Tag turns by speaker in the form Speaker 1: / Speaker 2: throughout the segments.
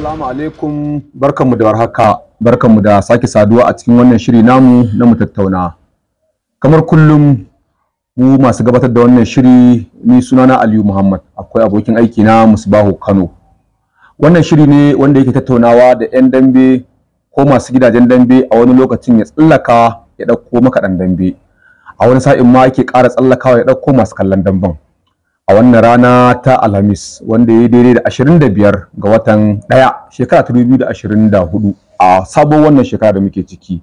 Speaker 1: Assalamu alaikum barkanmu da warhaka barkanmu da sake saduwa a cikin wannan shiri namu na mu tattauna kamar kullum mu masu gabatar da wannan shiri ni sunana Aliyu Muhammad akwai abokin aiki na Musbahu Kano wannan shiri ne wanda yake tattaunawa da 'yan dambe ko masu gidajen dambe a wani lokacin ya tsallaka ya ɗauko dan dambe a wani sa'in ma yake ƙara tsallakawa ya ɗauko masu kallon damben a wannan rana ta alhamis wanda ya yi daidai da biyar ga watan ɗaya shekara ta hudu, a sabon wannan shekara da muke ciki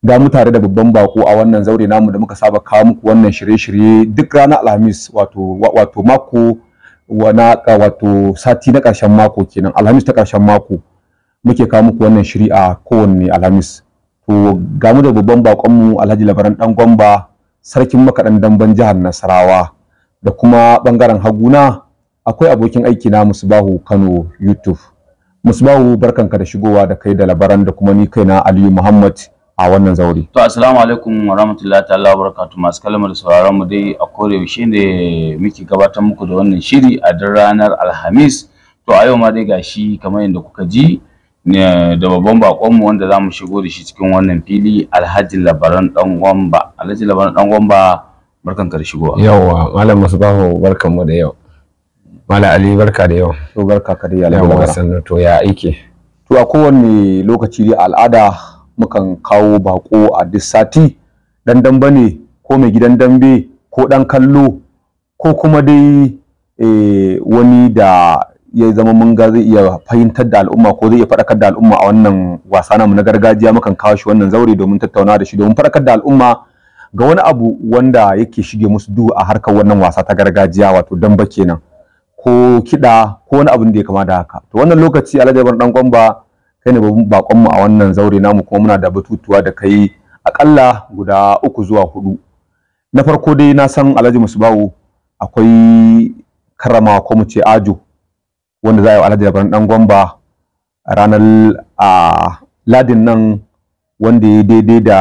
Speaker 1: ga mu tare da babban bako a wannan zaure namu da muka saba kawo muku wannan shirye-shirye duk rana alhamis wato wato mako wana wato sati na ƙarshen mako kenan alhamis ta ƙarshen mako muke kawo muku wannan shiri a kowanne alhamis to ga mu da babban bakonmu alhaji labaran dan gwamba sarkin makaɗan damben jihar nasarawa da kuma bangaren haguna akwai abokin aiki na musbahu kano youtube musbahu barkanka da shigowa da kai da labaran da kuma ni kai na aliyu muhammad a wannan zaure
Speaker 2: to assalamu alaikum wa rahmatullahi ta'ala wa masu kalmar sauraron mu dai a kore yaushe ne muke gabatar muku da wannan shiri a dan ranar alhamis to a yau ma dai gashi kamar yadda kuka ji da babban bakon mu wanda zamu shigo da shi cikin wannan fili alhaji labaran dan gwamba alhaji labaran dan gwamba barkan ka da shigowa yawa
Speaker 1: malam musbahu barkan mu da yau malam ali barka da yau to barka ka da yau yawa to ya aike to a kowanne lokaci dai al'ada mukan kawo bako a duk sati dan damba ne ko mai gidan dambe ko dan kallo ko kuma dai eh, wani da ya zama mun ga zai iya fahimtar da al'umma ko zai iya faɗakar da al'umma a wannan wasa namu na gargajiya mukan kawo shi wannan zaure domin tattauna da shi domin faɗakar da al'umma ga wani abu wanda yake shige musu duhu a harkar wannan wasa ta gargajiya wato damba kenan ko kiɗa ko wani abin da ya kama da haka to wannan lokaci alhaji bar dan gwamba kai ne babban bakon mu a wannan zaure namu kuma muna da batutuwa da kai akalla guda uku zuwa hudu na farko dai na san alhaji musubawu akwai karrama ko mu ce ajo wanda za a yi alhaji da dan gwamba ranar a ah, ladin nan wanda ya daidai da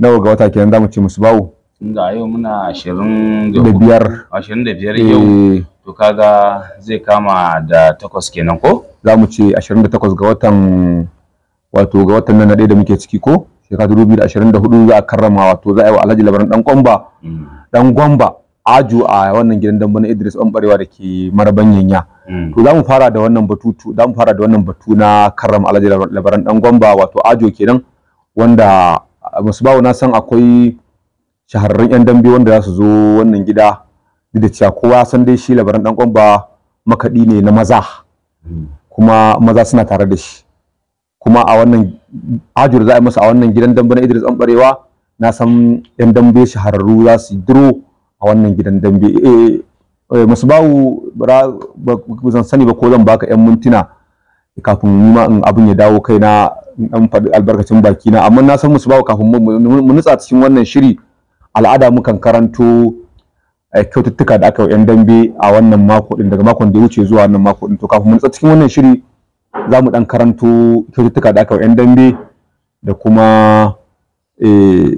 Speaker 1: nawa ga wata kenan zamu ce musu bawo
Speaker 2: inda yau muna ashirin da biyar ashirin da biyar yau eh. to kaga zai kama da takwas kenan ko za mu
Speaker 1: ce ashirin da takwas ga watan wato ga watan nan da muke ciki ko shekara 2024 ashirin da za a karrama wato za a yi wa alhaji labaran dan gomba. Mm. dan gomba aju a wannan gidan dan bana idris ɓanɓarewa da ke Marban yanya mm. to za mu fara da wannan batutu za mu fara da wannan batu na karrama alhaji labaran dan gomba wato ajo kenan wanda musbawu na san akwai shahararrun yan dambe wanda za su zo wannan gida da cewa kowa san dai shi labaran dan kwamba makaɗi ne na maza hmm. kuma maza suna tare da shi kuma a wannan ajiyar za a yi masa a wannan gidan dambe na Idris Ambarewa na san yan dambe shahararru za su duro a wannan gidan dambe eh, eh, eh musbawu ba zan sani ba ko zan baka yan mintuna kafin mu ma in abin ya dawo kaina in dan faɗi albarkacin baki na amma na san musu ba kafin mu nutsa cikin wannan shiri al'ada mukan karanto eh, kyaututtuka da aka yi yan dambe a wannan mako din daga makon da ya wuce zuwa wannan mako din to kafin mu nutsa cikin wannan shiri za mu dan karanto kyaututtuka da aka yi yan dambe da kuma eh,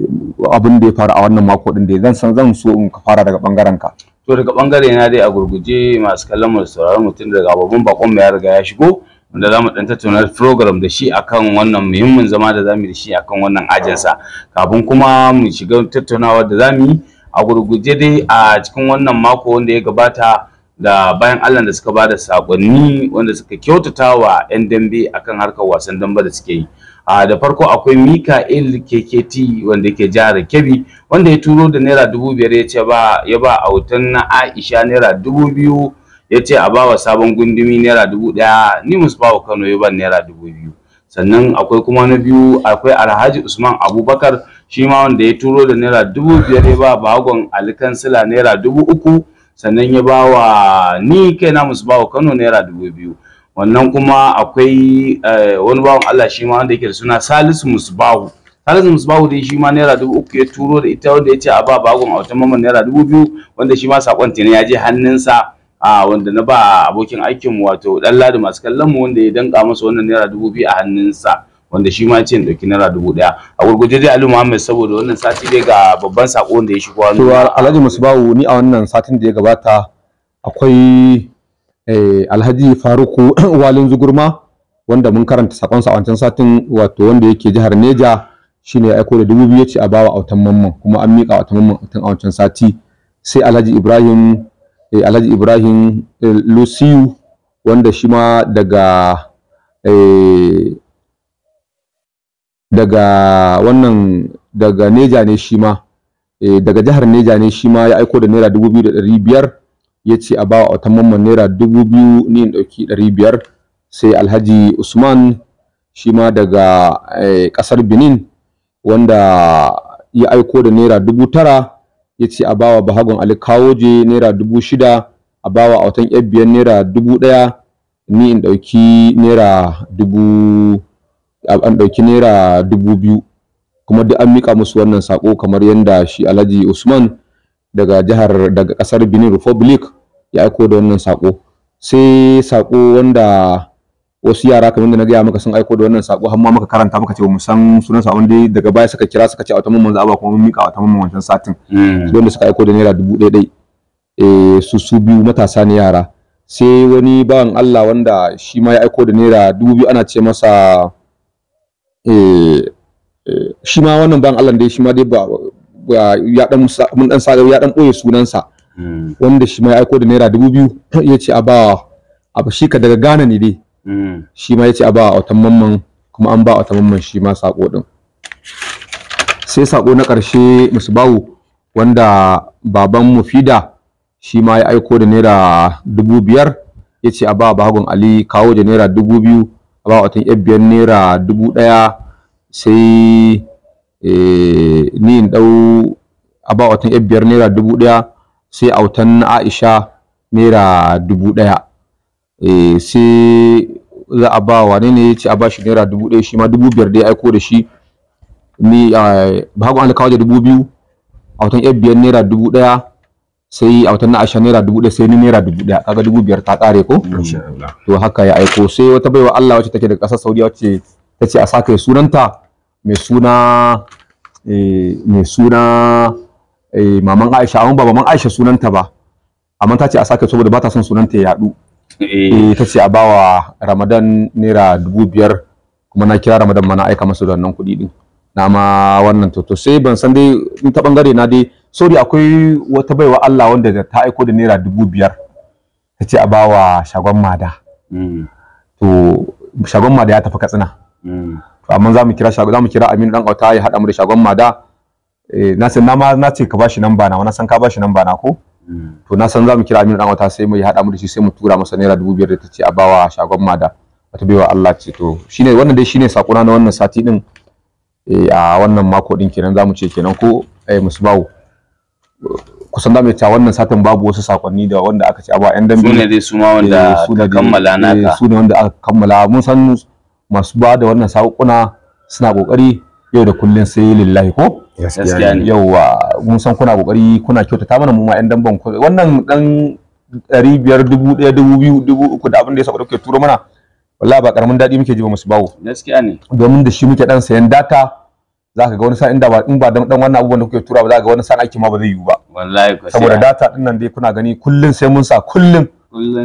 Speaker 1: abin da ya faru a wannan mako din da zan san zan so in ka fara daga bangaren ka
Speaker 2: to daga bangare na dai a gurguje masu kallon mu sauraron mutum daga babban bakon mai ya riga ya shigo wanda za mu ɗan tattauna program da shi akan wannan muhimmin zama da za mu da shi akan wannan ajinsa kafin kuma mu shiga tattaunawa da za mu yi a gurguje dai a cikin wannan mako wanda ya gabata da bayan Allah da suka ba da sakonni wanda suka kyautata wa 'yan dambe akan harkar wasan dambe da suke yi a da farko akwai Mika'il KKT wanda yake jihar Kebbi wanda ya turo da naira dubu biyar ya ce ba ya ba autan na Aisha naira dubu biyu ya ce a bawa sabon gundumi naira dubu ɗaya ni musu bawa kano yi ban naira dubu biyu sannan akwai kuma na biyu akwai alhaji usman abubakar shi ma wanda ya turo da naira dubu biyar ya ba bagon alkansila naira dubu uku sannan ya ba wa ni kai na musu bawa kano naira dubu biyu wannan kuma akwai eh, wani bawan allah shi ma wanda yake da suna salisu musbahu salisu musbahu dai shi ma naira dubu uku ya turo da ita wanda ya ce a ba bagon a wata mamman naira dubu biyu wanda shi ma sakon tina ya je hannunsa a wanda na ba abokin aikin wato dan ladi masu kallon mu wanda ya danka masa wannan naira dubu biyu a hannunsa wanda shi ma ce dauki naira dubu daya a gurguje dai Ali Muhammad saboda wannan sati dai ga babban sako wanda ya shigo hannu to
Speaker 1: Alhaji Musbahu ni a wannan satin da ya gabata akwai eh, Alhaji Faruku Walin Zugurma wanda mun karanta sakon sa a wancan satin wato wanda yake jihar Neja shine ya aiko da dubu biyu ya ce a bawa autan mamman kuma an miƙa autan mamman a wancan sati sai Alhaji Ibrahim Eh, alhaji ibrahim eh, lusiyu wanda shi ma daga eh, daga wannan daga neja ne shi ma daga jihar neja ne shi ma ya aiko da naira dubu biyu da ɗari biyar ya ce a bawa wata mamman naira dubu biyu ni in ɗauki ɗari biyar sai alhaji usman shi ma daga ƙasar benin wanda ya aiko da naira dubu tara ya ce a bawa bahagon ali kawoje naira dubu shida a bawa a watan yan naira dubu ɗaya ni in ɗauki naira dubu an dauki naira dubu biyu kuma duk an mika musu wannan sako kamar yadda shi alhaji usman daga jihar daga ƙasar benin republic ya aiko da wannan sako sai sako wanda wasu yara kamar da na gaya maka sun aiko da wannan sako har ma muka karanta muka ce mu san sunan sa wanda daga baya suka kira suka ce a tamman manzo aba kuma mun mika a tamman wancan satin hmm. wanda suka aiko da naira dubu ɗaya ɗai eh su su biyu matasa ne yara sai wani bawan Allah wanda shi ma ya aiko da naira dubu biyu ana ce masa eh, eh shi ma wannan bawan Allah dai shi ma dai ba ya dan mun dan sa ya dan boye sunansa hmm. wanda shi ma ya aiko da naira dubu biyu ya ce a ba a shi ka daga Ghana ne dai Mm. shi ma ce a ba autan mamman kuma an ba autan mamman shi ma sako din sai sako na ƙarshe musbahu wanda baban mufida shi ma ya aiko da naira dubu biyar ya ce a ba bagon ali kawo da naira dubu biyu a ba watan yan biyar naira dubu ɗaya sai eh, ni in ɗau a ba watan yan biyar naira dubu ɗaya sai autan aisha naira dubu ɗaya Eh, sai za a ba wa ne ya ce a ba shi naira dubu ɗaya shi ma dubu biyar da ya aiko da shi ni ba ku an kawo da dubu biyu a watan yan biyar naira dubu ɗaya sai a watan na ashirin naira dubu ɗaya sai ni naira dubu ɗaya kaga dubu biyar ta ƙare ko to haka ya aiko sai wata baiwa Allah wacce take da ƙasar Saudiya wacce ta ce a sa kai sunanta mai suna eh, mai suna eh, maman Aisha amma ba maman Aisha sunanta ba amma ta ce a sa kai saboda ba ta son sunanta ya yaɗu Eh, eh, ita ce a bawa ramadan naira dubu biyar kuma na kira ramadan mana aika masu da wannan kuɗi din na ma wannan to to sai ban san dai in ta bangare na dai sori akwai wata baiwa Allah wanda ta aiko da naira dubu biyar ta ce a bawa shagon mada mm. to shagon mada ya tafi katsina mm. to amma za mu kira shagon za mu kira Aminu dan auta ya haɗa mu da shagon mada eh, na san na ma na ce ka bashi namba na wani san ka bashi namba na ko to na san za mu kira Aminu dan wata sai mu yi haɗa mu da shi sai mu tura masa naira dubu biyar da ta ce a bawa shagon mada wata baiwa Allah ce to shine wannan dai shine sakuna na wannan sati din eh, a wannan mako din kenan zamu ce kenan ko eh musbawo kusan zamu ta wannan satin babu wasu sakonni da wanda aka ce a ba yan dambe sune dai su ma wanda eh, aka kammala naka eh, ne wanda aka kammala mun san masu ba da wannan sakuna suna kokari yau da kullun sai lillahi ko gaskiya ne yawa mun san kuna kokari kuna kyautata mana mu ma yan damban wannan dan ɗari biyar dubu ɗaya dubu biyu dubu uku da abin da ya saba kuke turo mana wallahi ba ƙaramin daɗi muke ji ba musu bawo gaskiya ne domin da shi muke dan sayan data za ka ga wani sa'in da ba in ba dan wannan abubuwan da kuke tura ba za ka ga wani sa'in aiki ma ba zai yiwu ba
Speaker 2: wallahi gaskiya saboda data
Speaker 1: din nan dai kuna gani
Speaker 2: kullun sai mun sa kullun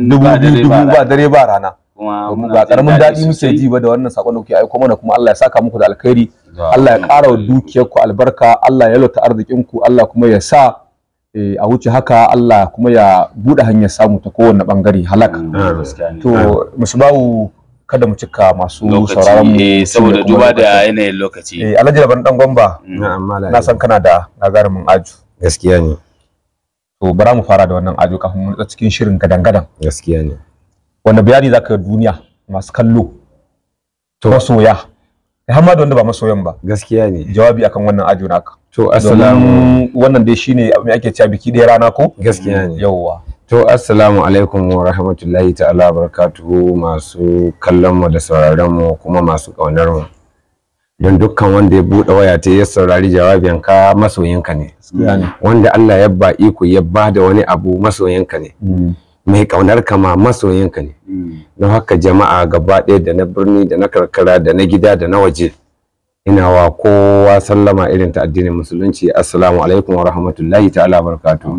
Speaker 2: dubu biyu dubu ba dare ba rana kuma ba karamin daɗi muke ji
Speaker 1: ba da wannan sakon da kuke aiko mana kuma Allah ya saka muku da alkhairi Allah ya ƙara ku albarka Allah ya lota arzikinku Allah kuma ya sa eh, a wuce haka Allah kuma ya bude hanyar samu ta kowane bangare halaka to musbahu kada mu cika masu sauraron mu eh, saboda duba da yanayin lokaci eh Alhaji Raban dan Gomba mm. na san kana da gagarumin aju gaskiya ne to bara mu fara da wannan aju kafin mu nutsa cikin shirin gadan gadan gaskiya ne wanda bayani zaka ga duniya masu kallo to masoya eh, har ma da wanda ba masoyan ba gaskiya ne jawabi akan wannan ajo naka to assalamu wannan dai shine me ake cewa biki ɗaya rana ko gaskiya ne yawwa to assalamu alaikum wa rahmatullahi ta'ala barakatuhu masu kallon mu da sauraron mu kuma masu kaunar mu don dukkan wanda ya bude waya ta ya saurari ka masoyinka ne wanda Allah ya ba iko ya ba da wani abu masoyinka ne mm. mai kaunar kama masoyinka ne hmm. don haka jama'a gaba ɗaya da na birni da na karkara da na gida da na waje ina wa kowa sallama irin ta addinin musulunci assalamu alaikum wa rahmatullahi ta'ala barakatuh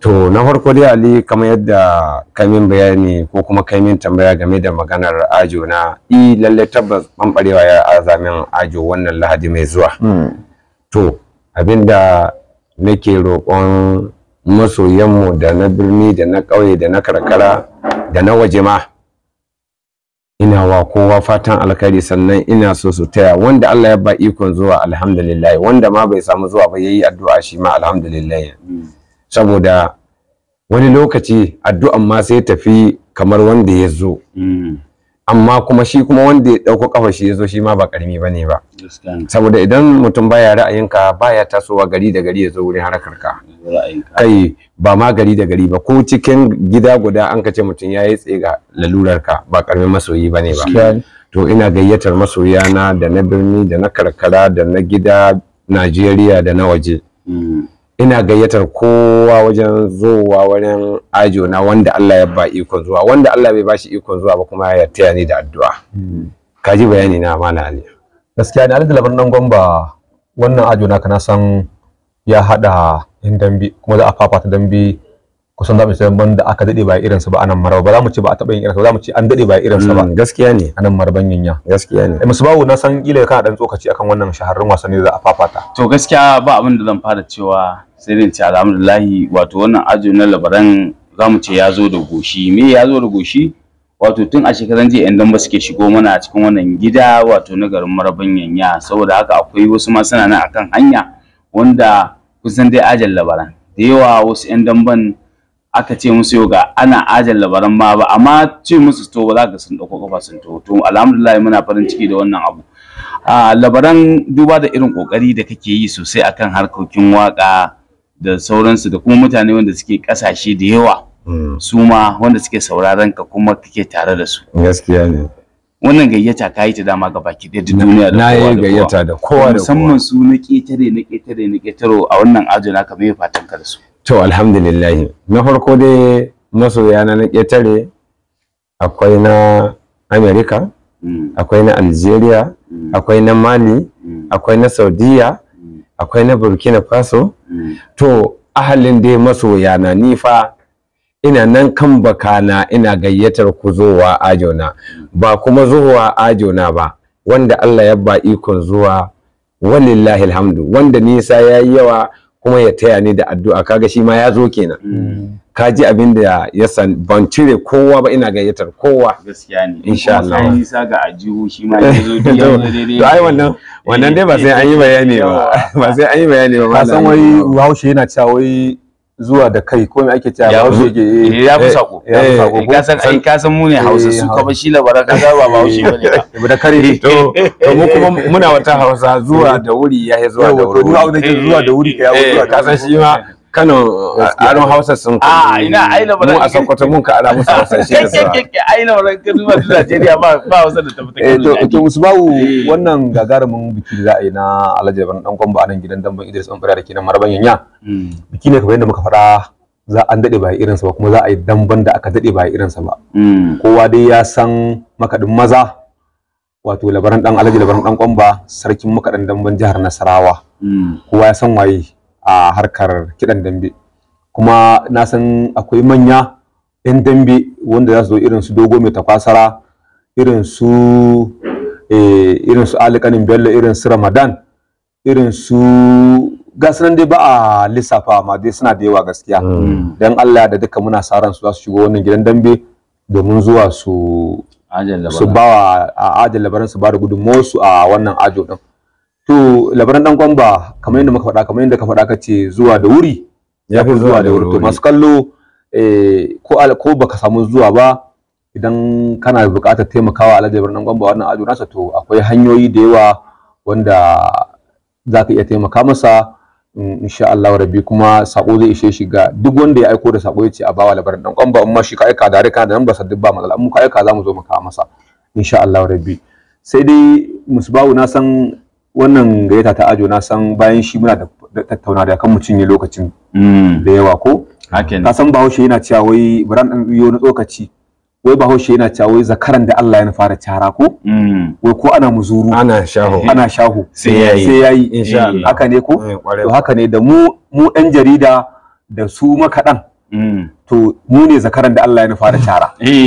Speaker 1: to na farko dai ali kamar yadda kamin bayani ko kuma kamin tambaya game da maganar ajo na i lalle tabbas ɓanɓarewa ya azamin ajo wannan lahadi mai zuwa hmm. to abinda nake roƙon masoyanmu da na birni da na ƙauye da na karkara da na waje ma ina wa kowa fatan alkhairi sannan ina so su taya wanda Allah ya ba ikon zuwa alhamdulillah wanda ma bai samu zuwa ba yayi addu'a shi ma alhamdulillah saboda wani lokaci addu'an ma sai tafi kamar wanda ya zo mm. amma kuma shi kuma wanda ya dauko kafa shi yazo shi ma ba karami bane ba saboda idan mutum baya ra'ayinka baya tasowa gari da gari yazo wurin harakar ka kai ba ma gari da gari ba ko cikin gida guda an kace mutum ya yi tsaye ga lalurar ka ba karamin masoyi bane ba to ina gayyatar masoya na da na birni da na karkara da na gida Najeriya da na waje mm. ina gayyatar kowa wajen zowa wajen ajo na wanda Allah ya ba ikon zuwa wanda Allah bai bashi ikon zuwa ba kuma ya taya ni da addu'a hmm. ka ji bayani na mana ali gaskiya ne alhaji labarin nan gwamba wannan ajo na kana san ya hada in dambe kuma za a fafata dambe kusan zamu ce ban da aka dade ba irin su ba anan maraba ba za mu ce ba a taba yin irin su za mu ce an dade ba irin su ba mm, gaskiya ne anan marban yanya gaskiya ne eh, musu bawo na san kila kana dan tsokaci akan wannan shahararrun wasanni da za
Speaker 2: a fafata to gaskiya ba abin da zan fara cewa sai dai ce alhamdulillah wato wannan ajo na labaran za mu ce ya zo da goshi me ya zo da goshi wato tun a shekaran jiya idan ba suke shigo mana a cikin wannan gida wato na garin maraban yanya saboda haka akwai wasu masana nan akan hanya wanda kusan dai ajin labaran da yawa wasu yan damban aka ce musu yau ga ana ajin labaran ma ba amma ce musu to ba za ka sun dauko kafa sun to to alhamdulillah muna farin ciki da wannan abu a labaran duba da irin kokari da kake yi sosai akan harkokin waka da sauransu da kuma mutane wanda suke kasashe da yawa hmm. su ma wanda suke sauraron ka kuma kake tare da su gaskiya ne wannan gayyata ka yi ta dama ga baki da duniya da kowa da kowa gayyata da kowa da kowa musamman su na ƙetare na ƙetare na ƙetare a wannan ajo naka mai fatan ka da su to
Speaker 1: alhamdulillah na farko dai masoya na ƙetare akwai na america mm. akwai na algeria mm. akwai na mali mm. akwai na saudiya akwai na burkina faso to ahalin dai masoya na nifa ina nan kan baka na ina gayyatar ku zowa ajona ba kuma zuwa ajona ba wanda Allah ya ba ikon zuwa walillahi alhamdu wanda nisa ya yi yawa kuma ya taya ni da addu'a kaga shi ma ya zo kenan mm. ka ji abin da ya san ban cire kowa ba ina gayyatar kowa
Speaker 2: gaskiya ne insha Allah sai sa ga ajihu shi ma ya zo to
Speaker 1: ai wannan wannan dai ba sai an yi bayani
Speaker 2: ba
Speaker 1: ba sai an yi bayani ba ka san wai Bahaushe yana cewa wai zuwa da kai ko me ake cewa ba haushe ke eh, eh, ya fi eh, sako ya fi sako ka san ai ka san mu ne hausa su kuma shi labara ka ga ba haushe bane
Speaker 2: ba da kare to to mu kuma muna wata hausa zuwa da wuri
Speaker 1: ya zuwa da wuri zuwa da wuri ka ya zuwa ka san shi ma Kano a ran Hausa sun ah, kuma. A ina aina ba. Mu a Sokoto mun ka ara musu Hausa shi yasa.
Speaker 2: Aina ba ka duba Najeriya ba ba Hausa da tafi ta eh, To to Musbahu
Speaker 1: eh. wannan gagarumin biki da ai na Alhaji Ban dan Gombe a nan gidan Damban Idris Ombara da kenan Marban Yanya. Hmm. Biki ne kamar yadda muka faɗa za an dade ba irinsa ba kuma za a yi damban da aka dade ba irinsa ba. Hmm. Kowa dai ya san makadin maza wato labaran dan alhaji labaran dan kwamba sarkin makaɗan damban jihar nasarawa hmm. kowa ya san waye a harkar kiɗan dambe kuma na san akwai manya 'yan dambe wanda za su zo irin su dogo mai takwasara irin su eh, irin su alikanin bello irin su ramadan irin su gasu dai ba a lissafa amma dai suna da yawa gaskiya hmm. don allah da duka muna sa ran su za su shigo wannan gidan dambe domin zuwa su su a ajin labaran su ba da su a wannan ajo din to labaran dan gwamba kamar yadda muka faɗa kamar yadda ka faɗa ka ce zuwa da wuri ya fi zuwa da wuri to masu kallo eh, ko ko baka samu zuwa ba idan kana buƙatar taimakawa alhaji birnin gwamba wannan ajo nasa to akwai hanyoyi da yawa wanda za ka iya taimaka masa mm, insha Allah rabbi kuma sako zai ishe shi ga duk wanda ya aiko da sako ya ce a bawa labarin dan kwamba amma shi ka aika da rika da nan ba sa duk ba matsala amma ka aika za mu zo mu kawo masa insha Allah rabbi sai dai musbahu na san wannan gayyata ta ajo na san bayan shi muna da tattauna da kan mutum ne lokacin mm. da yawa ko ka san bahaushe yana cewa wai buran dan yo na tsokaci wai bahaushe yana cewa wai zakaran da Allah ya fara tara ko mm. wai ko ana muzuru ana shaho ana shaho sai yayi sai yayi insha Allah haka ne ko eh, to haka ne da mu mu ɗan jarida da su makadan mm. to mu ne zakaran da Allah ya nufa da cara eh.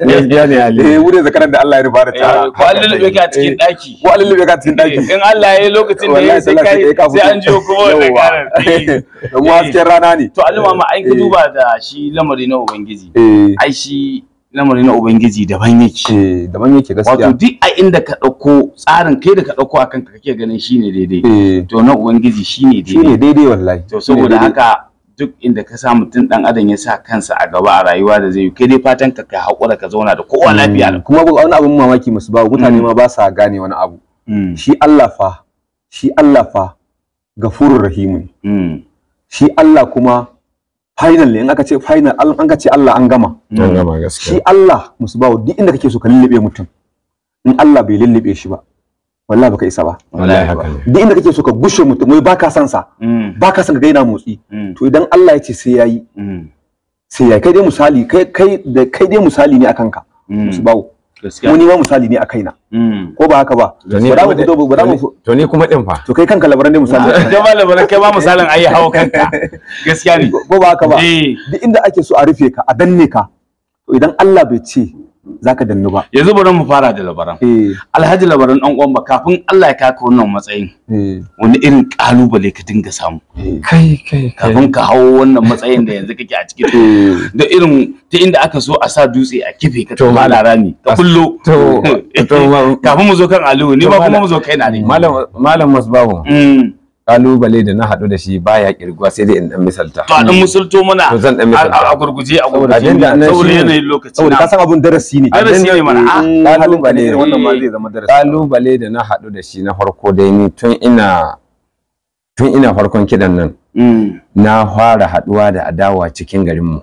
Speaker 1: Eh. ne eh mu ne zakaran da Allah ya nufa da cara eh, ko an lullube ka cikin daki ko an lullube
Speaker 2: ka cikin daki in Allah ya yi lokacin da ya sai kai sai an jiyo kuma da karar mu hasken rana ne to Allah ma an ka duba da shi lamari na ubangiji ai shi lamari na ubangiji daban yake eh, daban yake gaskiya wato duk a inda ka dauko tsarin kai da ka dauko akan ka kake ganin shine daidai eh. to na ubangiji shine daidai shine daidai wallahi to saboda haka duk inda ka sa mutum dan adam ya sa kansa a gaba a rayuwa da zai yi kai dai fatan ka ka hakura ka zauna da kowa lafiya hmm.
Speaker 1: kuma ba wani abun mamaki musu ba
Speaker 2: mutane hmm. ma ba sa gane wani abu
Speaker 1: hmm. shi Allah fa shi Allah fa gafurur rahimu. shi Allah kuma final ne in aka ce final an ka ce Allah an gama shi Allah musu bawo duk inda kake so ka lullube mutum in Allah bai lullube shi ba wallahi baka isa ba wallahi haka ne duk inda kake so ka gushe mutum wai baka san sa mm. baka san ka ga yana motsi mm. to idan Allah ya ce sai yayi mm. sai yayi kai dai misali kai kai da kai dai misali ne akan ka musu bawo mu ni ma misali ne a kaina mm. ko ba haka ba mu fito mu to ni kuma din fa to kai kanka labaran ne misali da ba labaran kai ba misalin ai hawo kanka gaskiya ne ko ba haka ba eh. duk inda ake so a rufe ka a danne ka to idan Allah
Speaker 2: bai ce zaka dannu ba yanzu bari mu fara da labaran eh. alhaji labaran dan uwan ba kafin Allah ya kaka wannan matsayin eh. wani irin kalubale ka dinga samu eh. kai kai kafin ka hawo wannan matsayin da yanzu kake a ciki da irin ta inda aka so a sa dutse a kife ka ta mala rami ka kullo kafin mu zo kan Aliyu ni ba kuma mu
Speaker 1: zo kai na ne malam malam Masbahu mm. kalubale da na haɗu da shi baya kirguwa sai dai in dan misalta to dan musulto mana to zan dan misalta a gurguje a gurguje saboda yanayin lokaci saboda ka san abun darasi ne darasi ne mana kalubale wannan ma zai zama darasi kalubale da na haɗu da shi na farko dai ni tun ina tun ina farkon kidan nan mm. na fara haɗuwa da adawa cikin garinmu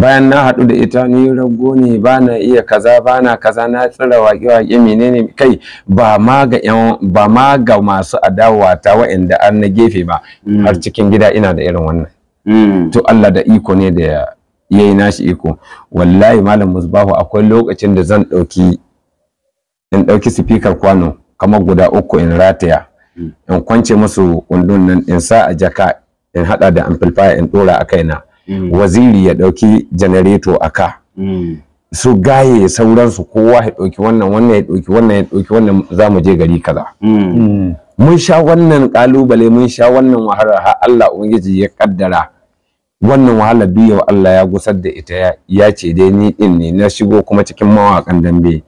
Speaker 1: bayan na haɗu da ita ni rago ne ba na iya kaza ba na kaza na tsira waƙe-waƙe menene kai ba ma ga masu adawa ta waɗanda an na gefe ba mm. har cikin gida ina da irin wannan mm. to Allah da iko ne da yayi nashi iko wallahi malam musbahu akwai lokacin da zan ɗauki in ɗauki speaker kwano kamar guda uku in rataya mm. in kwance musu kundun nan in sa a jaka in haɗa da amplifier in dora a kaina Mm. waziri ya dauki janareto a ka mm. su gaye sauransu kowa ya dauki wannan wannan ya dauki wannan ya dauki wannan za mu je gari kaza mm. mun sha wannan kalubale mun sha wannan wahalar har Allah ubangiji ya kaddara wannan wahala biyu Allah ya gusar da ita ya ce dai ni din ne na shigo kuma cikin mawakan dambe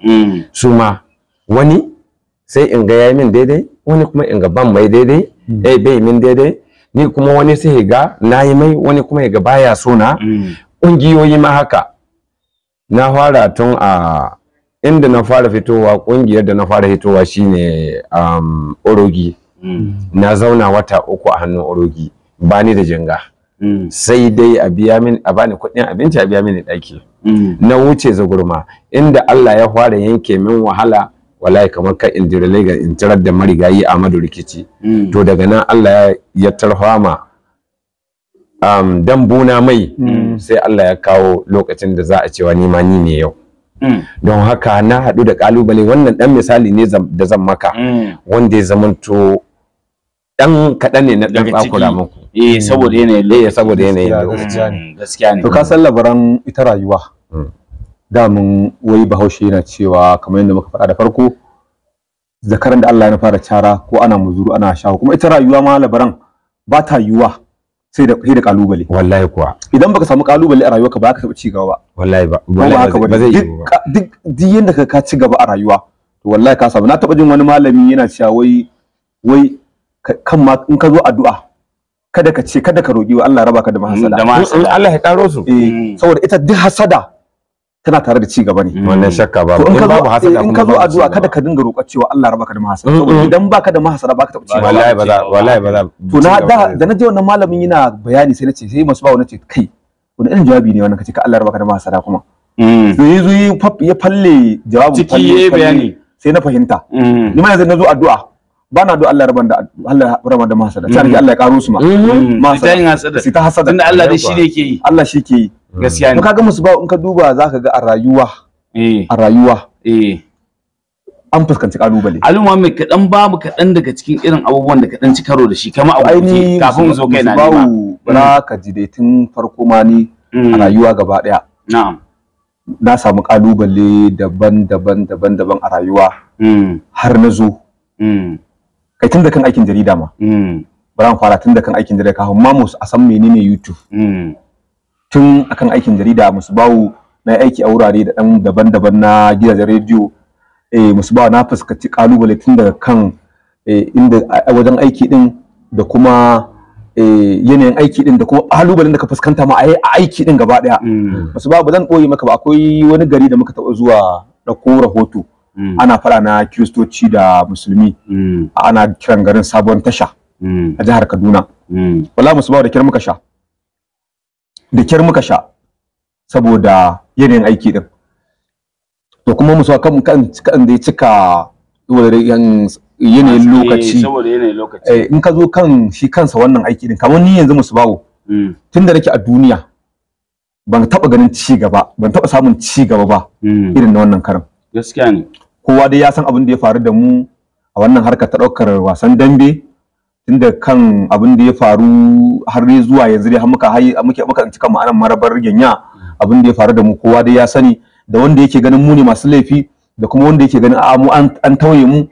Speaker 1: su ma wani sai in ga yayi min daidai wani kuma in ga ban mai daidai eh bai min daidai ni kuma wani sai ga na yi mai wani kuma ya ga baya so na mm. ƙungiyoyi ma haka na fara tun a inda na fara fitowa ƙungiyar da na fara fitowa shine um, orogi mm. na zauna wata uku a hannun orogi ba ni da jinga mm. sai dai a biya min a bani kuɗin abinci a biya mini ɗaki na wuce zagurma inda Allah ya fara yanke min wahala wallahi kamar kan in lega in tarar da marigayi Ahmadu rikici mm. to daga nan Allah ya tarhama um, buna mai mm. sai Allah ya kawo lokacin da za a cewa ni ma ni ne yau mm. don haka na haɗu da kalubale wannan ɗan misali ne da zan maka wanda ya zamanto ɗan kaɗan ne na ɗan
Speaker 2: tsakura muku eh saboda yanayin eh, lokaci saboda yanayin lokaci gaskiya ne to ka
Speaker 1: san labaran ita rayuwa damun wai bahaushe yana cewa kamar yadda muka faɗa da farko zakaran da Allah ya fara cara ko ana muzuru ana shahu. kuma ita rayuwa ma labaran ba ta yiwuwa sai da sai da kalubale wallahi kuwa idan baka samu kalubale a rayuwarka ba ka taɓa ci gaba ba wallahi ba ba zai yiwu ba duk duk yanda ka ka ci gaba a rayuwa to wallahi ka samu na taɓa jin wani malami yana cewa wai wai kan ma in ka zo addu'a kada ka ce kada ka roƙi wa Allah ya raba ka da mahasada
Speaker 2: Allah ya karo su eh, saboda
Speaker 1: ita duk hasada tana tare da ci gaba ne mm. wannan shakka ba in ka zo hasada eh, in ka zo addu'a kada ka dinga roƙa cewa Allah ya raba ka da mahasada mm, saboda mm. idan baka da mahasada baka taɓa ci gaba wallahi ba za wallahi ba za to na da da naje wannan malamin yana bayani sai nace sai masu bawo nace kai wani irin jawabi ne wannan kace ka Allah ya raba ka da mahasada kuma to yi zo ya falle jawabin ciki yayi bayani sai na fahimta ni ma yanzu na zo addu'a ba na do Allah raban da Allah raban da mahasada ta mm. Allah ya karo su ma mahasada mm. hasada sita hasada tunda Allah dai shi ne
Speaker 2: ke yi Allah shi ke yi mm. gaskiya ne kaga musu ba in ka duba zaka ga a rayuwa eh a rayuwa eh an fuskanci kalubale Ali Muhammad ka dan ba mu kaɗan daga cikin irin abubuwan da ka dan ci karo da shi kamar abu kafin mu zo kai na ba na
Speaker 1: ka ji dai tun farko ma ni a rayuwa gaba daya na'am na samu kalubale daban-daban daban-daban a rayuwa har na zo kai tun da kan aikin jarida ma hmm. bara fara tun da kan aikin jarida kafin ma mu a san menene YouTube hmm. tun akan aikin jarida musu bawu na aiki a wurare da dan daban-daban na gidajen rediyo eh musu bawu na fuskanci kalubale tun daga kan eh, inda wajen aiki din da kuma eh, yanayin aiki din da kuma kalubalen da ka fuskanta ma a aiki din gaba daya hmm. musu bawu ba zan koyi maka ba akwai wani gari da muka taɓa zuwa ɗauko rahoto Mm. ana fara na kiristoci da musulmi mm. ana kiran garin sabon tasha mm. a jihar kaduna wala musu ba da kyar muka sha da kyar muka sha saboda yanayin aiki din to kuma musu kan kan kan da ya cika yanayin lokaci eh, in ka zo kan shi kansa wannan aiki din kamar ni yanzu musu bawo tun da nake a duniya ban taba ganin ci gaba ban taba samun ci gaba ba irin na wannan karin gaskiya ne kowa dai ya san abin da ya faru da mu a wannan harka ta ɗaukar wasan dambe tunda kan abin da ya faru har ne zuwa yanzu dai muka hayi muke muka tsinci kan ma'anar marabar ganya abin da ya faru da mu kowa dai ya sani da wanda yake ganin mu ne masu laifi da kuma wanda yake ganin a mu an tauye mu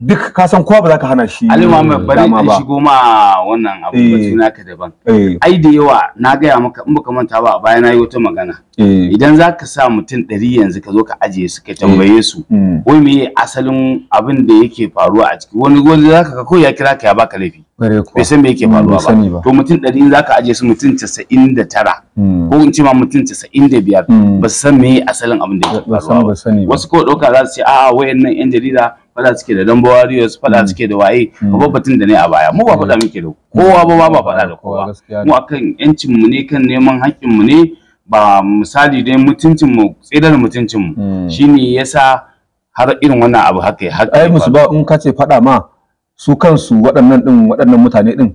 Speaker 1: duk ka san kowa ba za ka hana shi Ali Muhammad bari in shigo
Speaker 2: ma wannan abu eh. batu naka daban eh. ai da yawa na gaya maka in baka manta ba a baya na yi wata magana eh. idan za ka sa mutum 100 yanzu ka zo ka ajiye su ka tambaye su mm. wai me asalin abin da yake faruwa a ciki wani wani za ka ko ya kira ka ya baka laifi bai san me yake mm, faruwa ba to mutum 100 in za ka ajiye su mutum casa'in da tara mm. ko in ce ma mutum casa'in da biyar ba su san me asalin abin da yake faruwa ba wasu ko ɗauka za su ce a'a wayannan 'yan jarida faɗa suke da Dambo su faɗa mm. suke da waye babban mm. batun da ne a baya mu ba faɗa muke da kowa ba ba faɗa da kowa mu akan yancin mu ne kan neman haƙƙin mu ne ba misali dai mutuncin mu tsidar mutuncin mu mm. shine yasa har irin wannan abu haka haka ai musu
Speaker 1: ba in ka ce faɗa ma su kansu waɗannan din waɗannan mutane din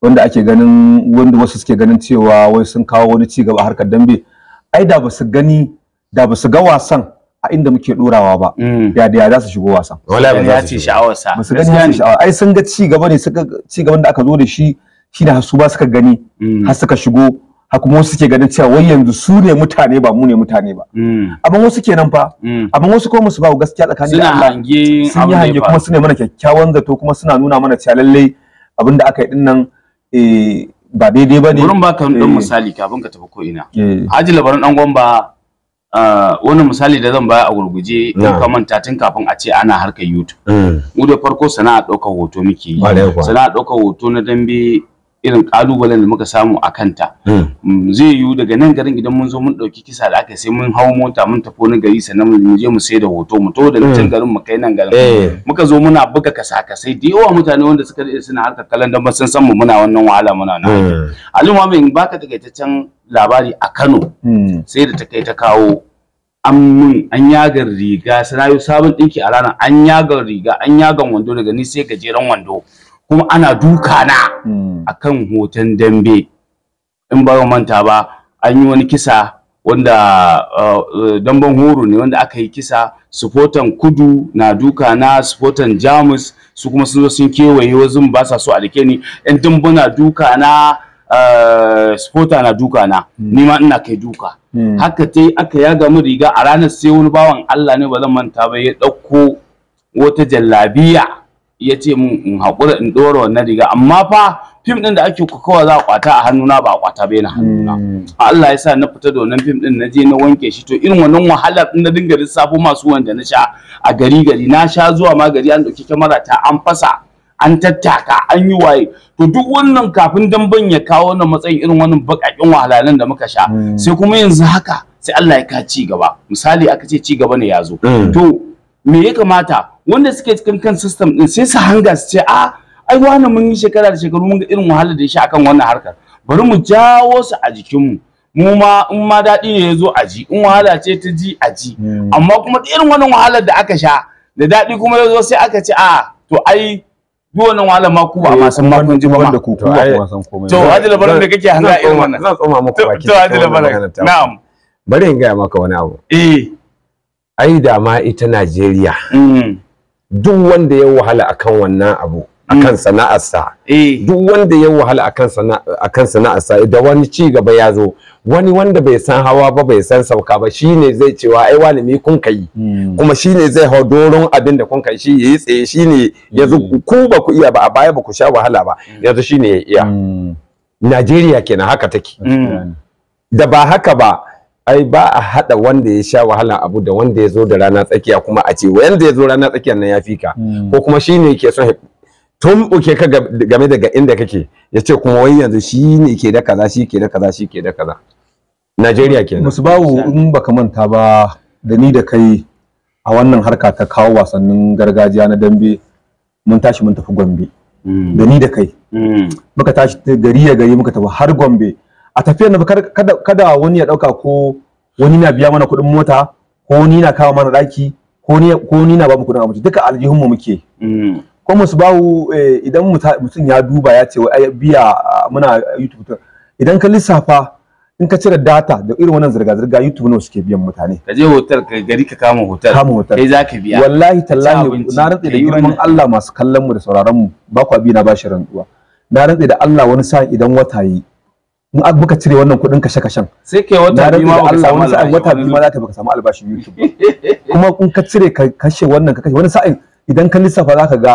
Speaker 1: wanda ake ganin wanda wasu suke ganin cewa wai sun kawo wani ci gaba harkar dambe ai da ba su gani da ba su ga wasan a inda muke dorawa ba mm. ya da za su shigo wasan wala ya ci
Speaker 2: sha'awarsa musu gani ya su sha'awa
Speaker 1: ai sun ga ci gaba ne suka ci gaban da aka zo da shi shi da su ba suka gani mm. har suka shigo har kuma wasu suke ganin cewa wai yanzu su ne mutane ba mu ne mutane ba mm. abin wasu kenan fa abin wasu kuma su ba gaskiya tsakanin da
Speaker 2: hange sun yi hange kuma su ne mana
Speaker 1: kyakkyawan zato kuma suna nuna mana cewa lalle abin da aka yi din nan eh, ba daidai ba ne. Wurin baka wani eh. ɗan misali
Speaker 2: kafin ka tafi ko ina. Eh. Aji labarin ɗan gwamba Ah, wani misali da zan baya a gurguje don manta tun kafin a ce ana harkar YouTube. Mm. Mu da farko sana'a ɗaukar hoto muke yi. Sana'a ɗaukar hoto na dambe irin kalubalen da muka samu a kanta hmm. mm, zai yiwu daga nan garin idan mun zo mun dauki kisa da aka sai mun hau mota mun tafi wani gari sannan mu je mu sai da hoto mu to da nan hmm. garin mu kai nan garin eh. muka zo muna buga kasa-kasai da yawa mutane wanda suka da suna harkar kallon dan sun san mu muna wannan wahala muna nan hmm. Ali Muhammad baka takaitaccen labari a Kano sai da ta kai ta kawo an an yagar riga sanayo sabon dinki a ranar an yagar riga an yagan wando daga ni sai gajeren wando kuma ana duka na hmm. akan hoton dambe in ba manta ba an yi wani kisa wanda uh, uh, damban horo ne wanda aka yi kisa sufotan kudu na duka na supportan jamus su kuma sun zo sun kewaye wasu ba sa so a dake ni yan dambu na duka na uh, sufota na duka na hmm. ni ma ina kai duka hmm. haka ta aka yaga mu riga a ranar sai wani bawan Allah ne ba zan manta ba ya ɗauko wata jallabiya ya ce min in haƙura in ɗora wannan riga amma fa fim ɗin da ake kokawa za a kwata a hannuna ba a kwata bai na hannuna hmm. Allah ya sa na fita da wannan fim ɗin na je na wanke shi to irin wannan wahala wahalar na dinga lissafo masu wanda na sha a gari gari na sha zuwa ma gari an ɗauki kyamara ta an fasa an tattaka an yi waye to duk wannan kafin damban ya kawo wannan matsayin irin wannan baƙaƙen wahalalan da muka sha hmm. sai kuma yanzu haka sai Allah ya ka ci gaba misali aka ce ci gaba ne ya zo hmm. to me ya kamata wanda suke cikin kan system din sai su hanga su ce a ah, ai wani mun yi shekara da shekaru mun ga irin wahalar da ya sha akan wannan harkar bari mu jawo su a jikinmu mu ma in ma daɗi ne ya zo a ji in wahala ce ta ji a ji hmm. amma kuma irin wannan wahalar da aka sha da daɗi kuma ya zo sai aka ce a ah, to ai duk wannan wahala ma ku ba ma san ma kun ji ba ma ku ba san komai to haji labaran da kake hanga irin wannan zan tsoma muku baki to haji labaran na'am bari
Speaker 1: in gaya maka wani abu eh ai da ma ita Najeriya hmm. duk wanda ya wahala akan wannan abu mm. akan sana'arsa eh. duk wanda ya wahala akan akan sana'arsa da wani ci gaba ya zo wani wanda bai san hawa ba bai san sauka ba shine zai cewa ai wani me kun kai mm. kuma shine zai hau doron abin da kun kai shi yayi tsaye shine yanzu mm. ku ba ku iya ba a baya ba ku sha wahala ba yanzu shine ya iya Najeriya kenan haka take da ba haka ba ai ba a hada wanda ya sha wahalan abu da wanda ya zo da rana tsakiya kuma a ce wanda ya zo rana tsakiyar nan ya fi ka hmm. ko kuma shine ke son tun uke ka game daga inda kake ya ce kuma wai yanzu shi ne ke da kaza shi ke da kaza shi ke da kaza Najeriya kenan musu bawo in baka manta ba da ni da kai a wannan harka ta kawo wasannin gargajiya na dambe mun tashi mun tafi Gombe
Speaker 2: hmm. da ni da
Speaker 1: kai hmm. muka tashi gari ya gari muka tafi har Gombe a tafiyar nan kada kada wani ya dauka ko wani na biya mana kuɗin mota ko wani na kawo mana ɗaki ko ni ko ni na ba mu kuɗin abinci duka aljihun mm. mu muke ko musu bawu eh, idan mutum ya duba ya ce wai biya muna YouTube idan ka lissafa in ka cire data da irin wannan zirga-zirga YouTube nawa suke biyan mutane.
Speaker 2: Ka je hotel ka gari ka kama hotel. Kama hotel. Kai zaka biya. Wallahi tallahi na rantsa da girman
Speaker 1: Allah masu kallon mu da sauraron mu ba kwa bi na bashi rantsuwa. Na rantsa da Allah wani sa'in idan wata yi in an buka cire wannan kuɗin kashe kashen sai kai wata biyu ma baka samu albashi wata biyu ma za ka baka samu albashin YouTube kuma in ka cire ka kashe wannan ka kashe wani sa'in idan ka lissafa za ka ga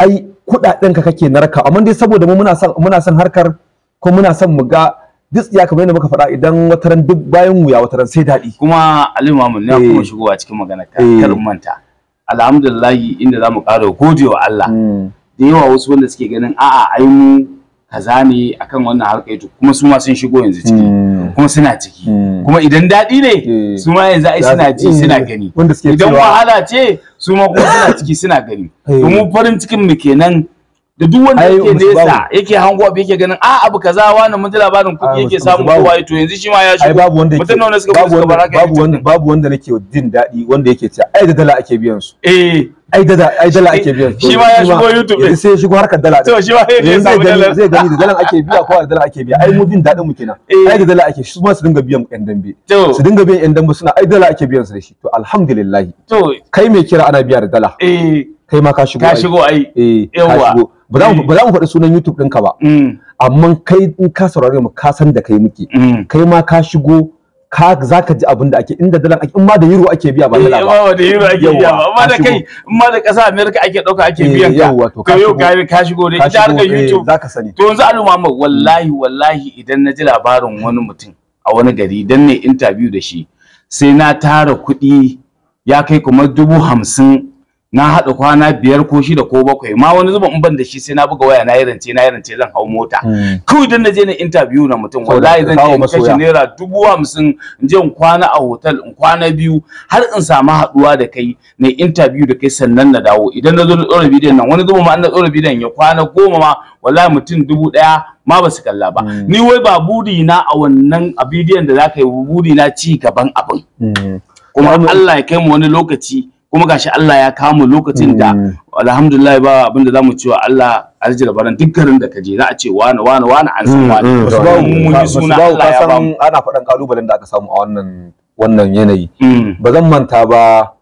Speaker 1: ai kuɗaɗen ka kake narka amma dai saboda mu muna son muna son harkar ko muna son mu ga duk ya kamar yadda muka faɗa idan wata ran duk bayan wuya ran sai
Speaker 2: daɗi kuma Ali Mamun na kuma eh. shigo a cikin magana ka kar eh. manta alhamdulillah inda zamu ƙara gode wa Allah hmm. da yawa wasu wanda suke ganin a'a ai mu kaza ne akan wannan harkar YouTube kuma su ma sun shigo yanzu ciki hmm. kuma suna ciki hmm. kuma idan daɗi ne eh. su ma yanzu ai suna ji suna gani idan wahala ce su ma kuma suna ciki suna gani domin eh. farin cikin mu kenan da duk wanda yake nesa yake hango abu yake ganin a ah, abu kaza wani mun ji labarin kuɗi yake samu kowa to yanzu shi ma ya shigo babu wanda mutum nawa suka
Speaker 1: babu wanda babu wanda nake jin daɗi wanda yake cewa ai da dala ake biyan su eh ai dala ai dala ake biya shi ma ya shigo youtube yanzu sai ya shigo harkar dala to shi ma ya samu dala zai gani da dala ake biya ko da dala ake biya ai mu jin dadin mu kenan eh. ai da dala ake shi ma su dinga biyan yan dambe su dinga biyan yan dambe suna ai dala ake biyan su da shi to alhamdulillah to kai mai kira ana biya da dala eh kai ma ka shigo ka shigo ai eh, eh ba za mu faɗi sunan YouTube ɗinka ba mm. amma kai in ka saurare mu ka san da kai muke mm. kai ma ka shigo ka za ka ji abin da ake inda dalan ake in ma da euro ake biya ba dala ba eh, da euro ake biya ba amma da kai in
Speaker 2: ma da ƙasa America ake ɗauka ake eh, biyan ka to yau ka ka shigo ne ita harkar eh, YouTube zaka sani to yanzu Alu Muhammad wallahi wallahi idan na ji labarin wani mutum a wani gari dan ne interview da shi sai na tara kuɗi ya kai kuma dubu hamsin na haɗa kwana biyar ko shida ko bakwai ma wani zuba in ban da shi sai na buga waya na yi rance na yi rance zan hau mota hmm. kawai dan na je na interview na mutum wallahi zan je kashi naira dubu hamsin in je in kwana a hotel in kwana biyu har in samu haɗuwa da kai na interview da kai sannan na dawo idan na zo na ɗora bidiyon nan wani zuba ma an na ɗora bidiyon ya kwana goma ma wallahi mutum dubu ɗaya ma ba su kalla ba hmm. ni wai ba buri na a wannan a bidiyon da za ka yi buri na ci gaban abin hmm. kuma Allah ya kai mu wani lokaci kuma gashi Allah ya kama lokacin da hmm. alhamdulillah ba abinda za mu cewa Allah arji da baran dukkanin da kaje za a ce wani wani wani an san hmm, wani hmm. wasu ba mun yi suna Allah ya ba
Speaker 1: ana faɗan kalubalen da aka samu a wannan wannan yanayi ba zan manta ba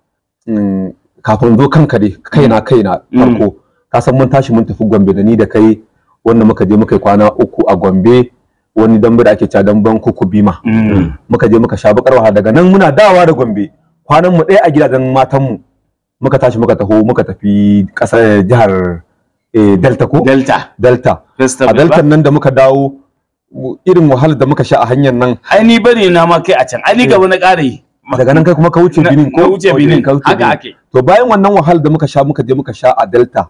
Speaker 1: kafin zo kanka dai kaina kaina farko ka san mun tashi mun tafi Gombe da ni da kai wanda muka je muka yi kwana uku a Gombe wani dambe da ake cewa damben bima. muka je muka sha bakar daga nan muna dawa da Gombe kwanan mu ɗaya a gidajen matan mu muka tashi muka taho muka tafi ƙasar eh, jihar eh, Delta ko? Delta. Delta. A Delta nan da muka dawo irin wahalar da muka sha a hanyar nan.
Speaker 2: Ai ni bane na ma kai a can. Ai ni eh. gaba na
Speaker 1: ƙara yi. Daga nan kai kuma ka wuce Benin ko? Ka wuce Benin. Haka ake. To bayan wannan wahalar da muka sha muka je muka sha a Delta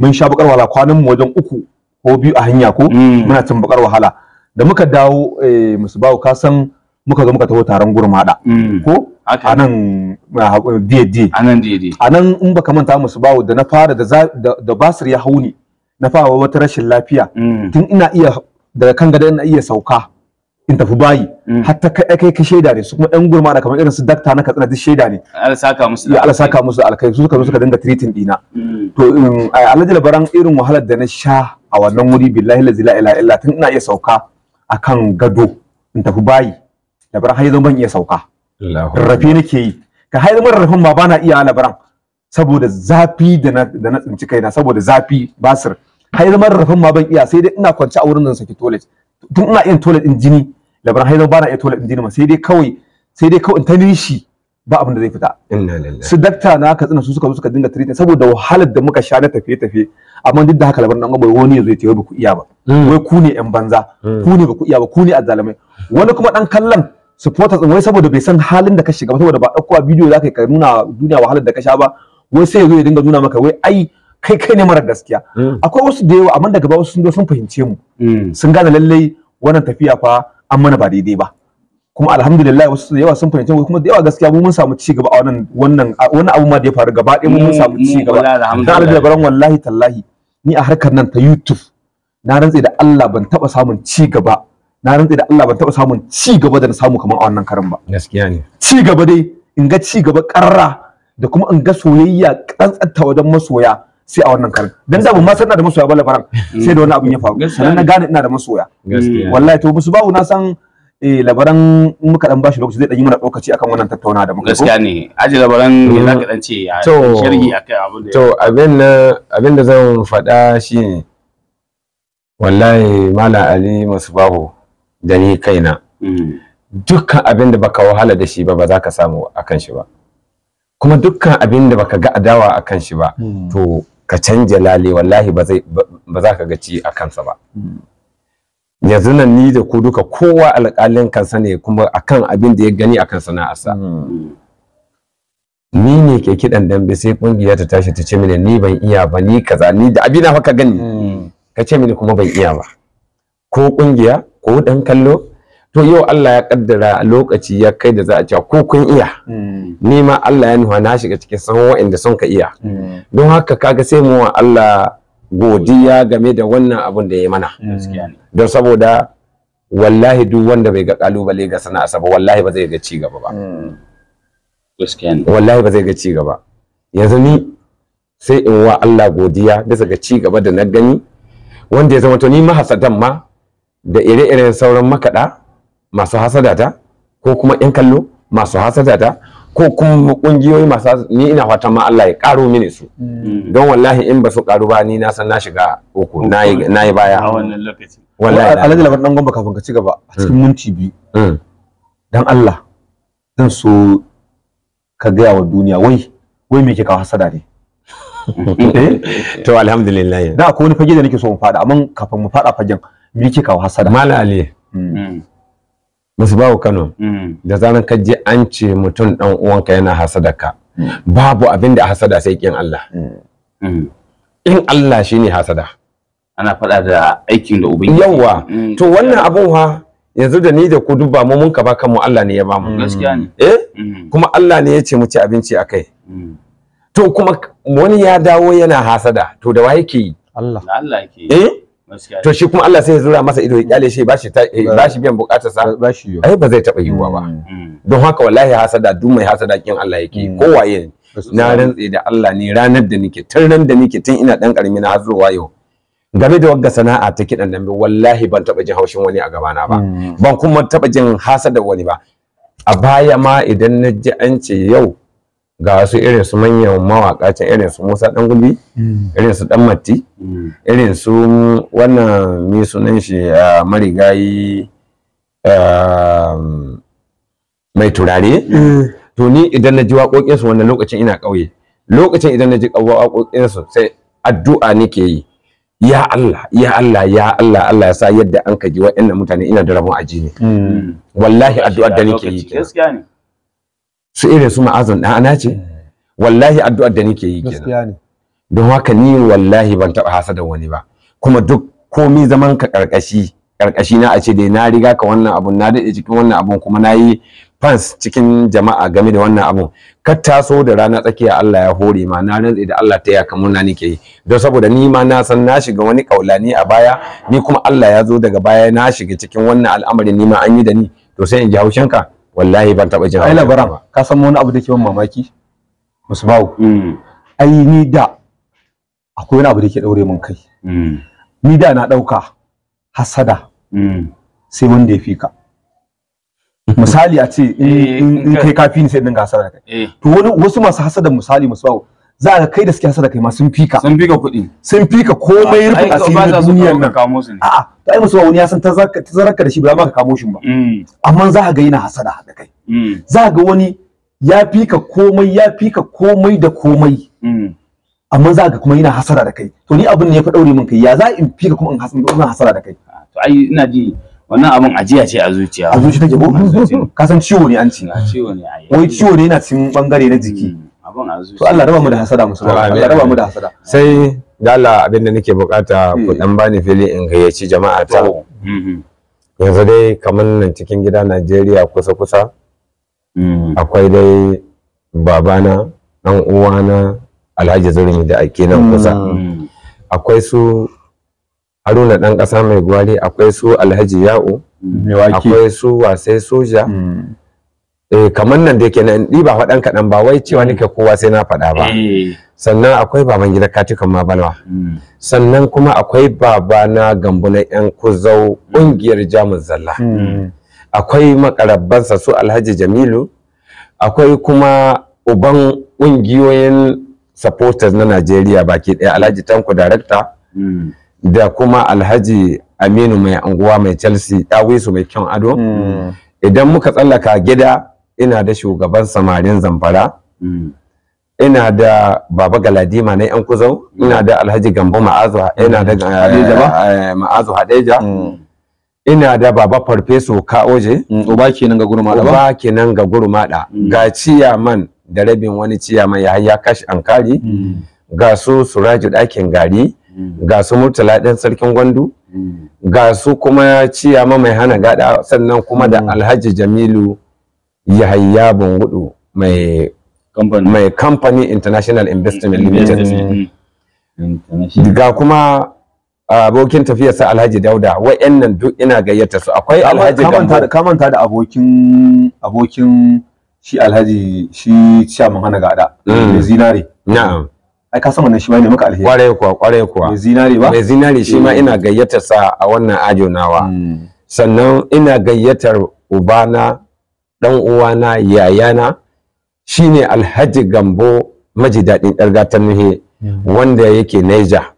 Speaker 1: mun sha bakar wahala kwanan mu wajen uku ko biyu a hanya ko mm. muna cin bakar wahala da muka dawo musu bawo ka san muka zo muka taho taron gurmada mm. ko a nan dd a nan dd a nan in baka manta musu bawo da na fara da basir ya hauni na fara wata rashin lafiya mm. tun ina iya daga kan gada ina iya sauka in tafi bayi mm. hatta kai kai ka shaida ne su kuma ɗan gurma da kamar irin su dakta na katsina duk shaida ne
Speaker 2: Allah saka musu ya Allah
Speaker 1: saka musu alkai su suka zo suka dinga treating dina to um, alhaji labaran irin wahalar da na sha a wannan wuri billahi la ilaha illa tun ina iya sauka akan gado in tafi bayi labaran har yanzu ban iya sauka rarrafe nake yi ka har mara rarrafen ma bana iya labaran saboda zafi da na da na tsinci kaina saboda zafi basir har mara rarrafen ma ban iya sai dai ina kwance a wurin nan saki toilet tun ina yin toilet din jini labaran har yanzu bana iya toilet din jini ma sai dai kawai sai dai kawai in ta nishi ba abin da zai fita su dakta na katsina su suka zo suka dinga treatment saboda wahalar da muka sha na tafiye-tafiye amma duk da haka labarin dan gwamnati wani ya zo tewa ku iya ba hmm. wai ku ne yan banza hmm. ku ne iya ba ku ne azzalamai wani kuma dan kallon supporters wai saboda bai san halin da ka shiga ba saboda ba a bidiyo za ka nuna duniya wahalar da ka sha ba wai sai ya ya dinga nuna maka wai ai kai kai ne mara gaskiya hmm. akwai wasu da yawa amma daga ba wasu sun zo sun fahimce mu sun gane lallai wannan tafiya fa an mana ba daidai ba kuma alhamdulillah wasu da yawa sun fahimci wai kuma da yawa gaskiya mun samu ci gaba a wannan wannan wani abu ma da ya faru gaba ɗaya mun samu mm, ci gaba dan alhamdulillah baran wallahi tallahi ni a harkar nan ta YouTube na rantsi da Allah ban taba samun ci gaba na rantsi da Allah ban taba samun ci gaba da na samu kamar a wannan karin ba gaskiya ne ci gaba dai in ga ci gaba karra da kuma in ga soyayya kantsanta wajen masoya sai a wannan karin dan da ban ma san da masoya ba labaran mm. sai da wani abin ya faru sannan na gane ina da masoya
Speaker 2: gaskiya wallahi
Speaker 1: to musu bawo na san eh labaran in muka dan bashi lokaci zai dan yi mana lokaci akan wannan tattauna da muka gaskiya ne aji labaran ne mm. zaka dan
Speaker 2: ce a shirgi akai abin da to
Speaker 1: abin na abin da zan faɗa shine wallahi mala ali musbahu da ni kaina mm. dukkan abin da baka wahala da shi ba ba za ka samu akan shi ba kuma dukkan abin da baka ga adawa akan shi ba mm. to ka canja lale wallahi ba za ka ga ci a kansa ba yanzu nan ni da ku duka kowa alƙalin kansa ne kuma akan abin da ya gani akan sana'arsa hmm. ni ne ke kiɗan dambe sai kungiya ta tashi ta ce mini ni ban iya ba ni kaza ni da abin na haka gani hmm. ka ce mini kuma ban iya ba ko ƙungiya ko dan kallo to yau Allah ya kaddara lokaci ya kai da za a cewa ko kun iya hmm. ni ma Allah ya nuha na shiga cikin san waɗanda son ka iya don haka kaga sai mu Allah godiya game da wannan abun da ya mana eh, don saboda wallahi duk wanda bai ga kalubale ga sana'a ba wallahi ba zai ga ci gaba ba hmm. wallahi ba zai ga ci gaba yanzu ni sai in wa Allah godiya bisa ga ci gaba da na gani wanda ya zama to ni mahasadan ma da ire-iren sauran makada masu hasadata ko kuma yan kallo masu hasadata ko kuma kungiyoyi masu ni ina fatan ma Allah ya karo mini su mm. don wallahi in ba su karu ba ni na san na shiga uku na yi baya a wannan lokaci wallahi alhaji labar dan gomba kafin ka ci gaba a cikin mm. minti biyu mm. dan Allah zan so ka gaya wa duniya wai wai me ke kawo hasada ne eh? to alhamdulillah da akwai wani fage da nake so mu fada amma kafin mu fada fagen me ke kawo hasada mala ali musu babu kano mm. da zaran ka je an ce mutum dan uwanka yana hasada ka mm. babu abin da hasada sai kin Allah mm. in Allah shine hasada
Speaker 2: ana faɗa da aikin da
Speaker 1: ubangi yawa to wannan abun ha yanzu da ni da ku dubba mu mun ka ba mu Allah ne ya ba mu gaskiya ne eh kuma Allah ne ya ce mu ci abinci akai to kuma wani ya dawo yana hasada to da wa yake yi Allah
Speaker 2: Allah yake eh to shi
Speaker 1: kuma Allah sai ya zura masa ido ya kyale shi bashi bashi biyan bukatar sa bashi ai ba zai taba yiwuwa ba mm. Mm. don haka wallahi hasada duk mai hasada kin Allah yake mm. waye na rantse da Allah ne ranar da nake tun ran da nake tun ina dan karmi na hazuwa yau game da wagga sana'a ta kidan nan wallahi ban taba jin haushin wani a gabana ba ban kuma taba jin hasada wani ba a baya ma idan na ji an ce yau ga wasu irin su manyan mawaka can irin su Musa dan gulbi mm. irin su dan matti mm. irin su wannan me sunan shi marigayi mai turare mm. to ni idan na ji waƙoƙinsu wannan lokacin ina ƙauye lokacin idan na ji waƙoƙinsu sai addu'a nake yi ya Allah ya Allah ya Allah Allah ya sa yadda an kaji waɗannan mutane ina da rabon aji ne wallahi addu'ar da
Speaker 2: nake yi gaskiya ne
Speaker 1: su irin su ma'azin ana ce eh. wallahi addu'ar da nake yi kenan don haka ni wallahi ban taɓa da wani ba kuma duk komi zaman ka ƙarƙashi, ƙarƙashi na a ce dai na riga ka wannan abun na daɗe cikin wannan abun kuma na yi fans cikin jama'a game da wannan abun ka taso da rana tsakiya Allah ya hore ma na rantse da Allah ta yaka murna nake yi don saboda ni ma na san na shiga wani kaulani a baya ni kuma Allah ya zo daga baya na shiga cikin wannan al'amarin ni ma an yi da ni to sai in ji haushinka wallahi ban taɓa jin ai labara ba ka san wani abu da ke ban mamaki Musba'u, hmm. ai ni da akwai wani abu da ke daure min kai hmm. ni da na dauka hasada hmm. sai wanda ya fi ka misali a ce eh, in kai kafi ni sai dinga hasada kai eh. to wani wasu masu hasada misali musba'u. za ka kai da suke da kai ma sun fika sun fika kuɗi sun fika komai rufe asiri na duniyar nan a'a to musu ba wani ya san tazararka da shi ba ka kamo shi ba mm. amma za ka ga yana hasara da kai mm. za ka ga wani ya fika komai ya fika komai da komai mm. amma za ka kuma yana hasara da kai to ni abin ne ya fi daure min kai ya za in fika kuma in hasara da
Speaker 2: kai to ai ina ji wannan abin ajiya ce a zuciya a zuciya take ko ka san ciwo ne an ci ciwo ne wai ciwo ne yana cikin bangare na jiki abin a zuciya Allah raba mu da hasada musulma Allah raba mu da hasada
Speaker 1: sai da Allah abin da nake bukata ku hmm. dan bani fili in gayyaci jama'a ta oh, hmm, hmm. yanzu dai kamar nan cikin gida Najeriya kusa kusa akwai dai babana dan uwana Alhaji Zurmi da ake nan kusa akwai su Haruna dan kasa mai gwari akwai su Alhaji Ya'u akwai su wasai soja eh kamar nan da yake na ɗi ba faɗan kaɗan ba wai cewa mm. nake kowa sai na faɗa ba eh. sannan akwai baban gida katukan ma balwa mm. sannan kuma akwai babana gambu na yan kuzau mm. ƙungiyar jamus zalla akwai makarabansa su alhaji jamilu akwai kuma uban ƙungiyoyin supporters na Najeriya baki ɗaya Alhaji Tanko director da kuma Alhaji Aminu mai anguwa mai Chelsea ɗawisu mai kyan ado idan muka tsallaka gida ina da shugaban samarin zamfara mm. ina da baba galadima na yan kuzau mm. ina da alhaji gambo ma'azu ina mm. eh, hadeja eh, ina da baba farfeso kaoje uba kenan ga gurmada uba kenan ga ga ciyaman da rabin wani ciyaman ya ya kashi ankari ga su suraju dakin gari ga su murtala ɗan sarkin gwandu ga su kuma ciyama mai hana gada sannan kuma da alhaji jamilu yahaya bungudu mai mai company international investment limited ga kuma abokin tafiyarsa alhaji dauda wa'annan duk ina gayyata su akwai alhaji gambo kamanta da abokin abokin shi alhaji shi ciyaman hana gada mm. mai zinare na'am ai ka san wannan shi ma ne muka alheri kwarai kuwa kwarai kuwa mai zinare ba mai zinare shi ma eh. ina gayyata sa a wannan ajo nawa mm. sannan ina gayyatar ubana ɗan uwana yayana shine alhaji gambo maji daɗin ɗargatar nuhe wanda yake neja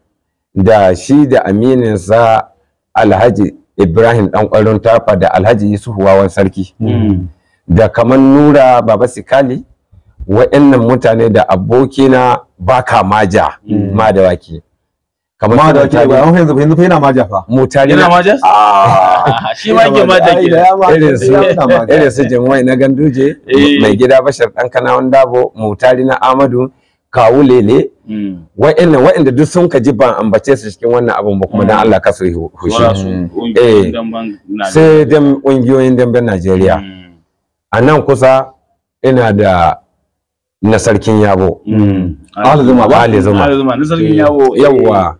Speaker 1: da shi da amininsa alhaji ibrahim ɗan ƙwarin tafa da alhaji Yusuf wawan sarki mm. da kaman nura baba sikali wa'annan mutane da abokina baka maja mm. ma da wake kamar da wake ba yanzu yanzu fa yana maja fa motari yana maja ah! Ah, shi ma yake maja ke irin su irin su jami'ai na ganduje eh. mai gida bashar dan kanawan dabo motari na amadu kawu lele hmm. wa'in wa'inda duk sun ka ji ban ambace su cikin wannan abun ba kuma dan hmm. Allah ka su hushi hmm. eh sai dan kungiyoyin damben Najeriya a nan kusa ina da na sarkin yabo Ali Zuma ba Ali Zuma na
Speaker 2: sarkin eh. yabo eh. yawa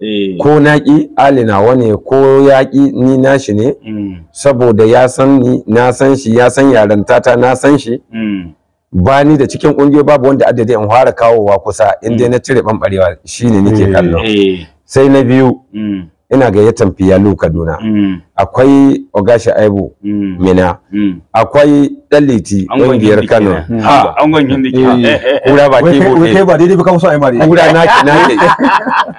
Speaker 2: Eh. ko
Speaker 1: naƙi alina wane ko yaƙi ni nashi ne mm. saboda ya san ni na san shi ya san yaren tata na san shi mm. ba ni da cikin ƙungiyo babu wanda adadi in fara kawowa kusa in dai mm. na cire ɓanɓarewa shine nake eh. kallo eh. sai na biyu ina ga ya gayyatan fiyalu kaduna akwai ogashi aibu mina akwai daliti liti kungiyar Kano ha angon yin diki eh, eh, eh, kura ba ke bude kai ba daidai ba kan so kura naki naki